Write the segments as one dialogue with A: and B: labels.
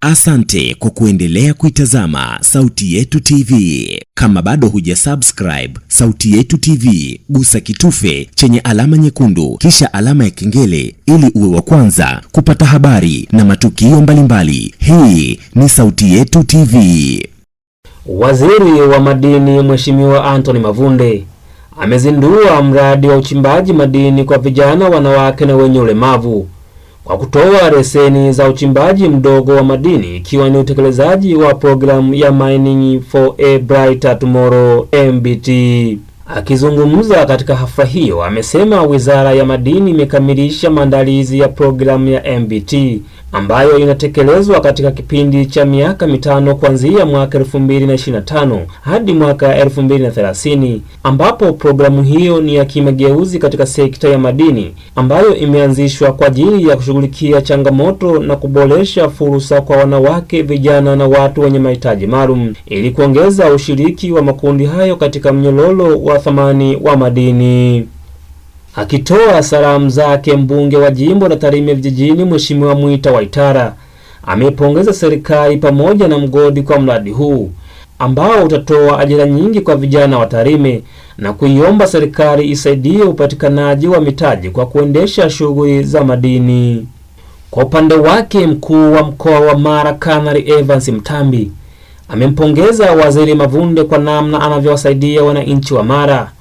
A: Asante kwa kuendelea kuitazama Sauti Yetu TV. Kama bado huja subscribe Sauti Yetu TV, gusa kitufe chenye alama nyekundu kisha alama ya kengele ili uwe wa kwanza kupata habari na matukio mbalimbali. Hii ni Sauti Yetu TV.
B: Waziri wa Madini Mheshimiwa Anthony Mavunde amezindua mradi wa uchimbaji madini kwa vijana, wanawake na wenye ulemavu kwa kutoa leseni za uchimbaji mdogo wa madini ikiwa ni utekelezaji wa programu ya Mining for a Brighter Tomorrow MBT. Akizungumza katika hafla hiyo, amesema Wizara ya Madini imekamilisha maandalizi ya programu ya MBT ambayo inatekelezwa katika kipindi cha miaka mitano kuanzia mwaka 2025 hadi mwaka 2030, ambapo programu hiyo ni ya kimageuzi katika sekta ya madini ambayo imeanzishwa kwa ajili ya kushughulikia changamoto na kuboresha fursa kwa wanawake, vijana na watu wenye mahitaji maalum ili kuongeza ushiriki wa makundi hayo katika mnyororo wa thamani wa madini. Akitoa salamu zake, mbunge wa jimbo la Tarime Vijijini, Mheshimiwa Mwita Waitara amepongeza serikali pamoja na mgodi kwa mradi huu ambao utatoa ajira nyingi kwa vijana wa Tarime na kuiomba serikali isaidie upatikanaji wa mitaji kwa kuendesha shughuli za madini. Kwa upande wake, mkuu wa mkoa wa Mara Kanali Evans Mtambi amempongeza Waziri Mavunde kwa namna anavyowasaidia wananchi wa Mara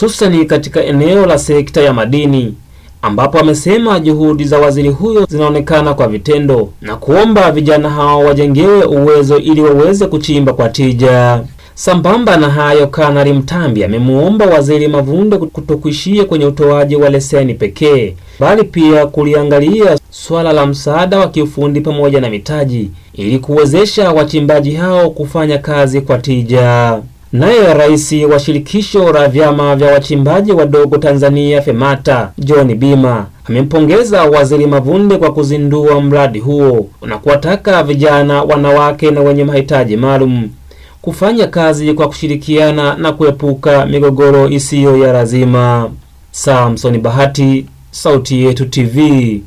B: hususani katika eneo la sekta ya madini ambapo amesema juhudi za waziri huyo zinaonekana kwa vitendo na kuomba vijana hao wajengewe uwezo ili waweze kuchimba kwa tija. Sambamba na hayo, Kanali Mtambi amemuomba Waziri Mavunde kutokuishia kwenye utoaji wa leseni pekee, bali pia kuliangalia swala la msaada wa kiufundi pamoja na mitaji ili kuwezesha wachimbaji hao kufanya kazi kwa tija. Naye rais wa shirikisho la vyama vya wachimbaji wadogo Tanzania FEMATA John Bima amempongeza Waziri Mavunde kwa kuzindua mradi huo na kuwataka vijana, wanawake na wenye mahitaji maalum kufanya kazi kwa kushirikiana na kuepuka migogoro isiyo ya lazima. Samsoni Bahati, Sauti Yetu TV.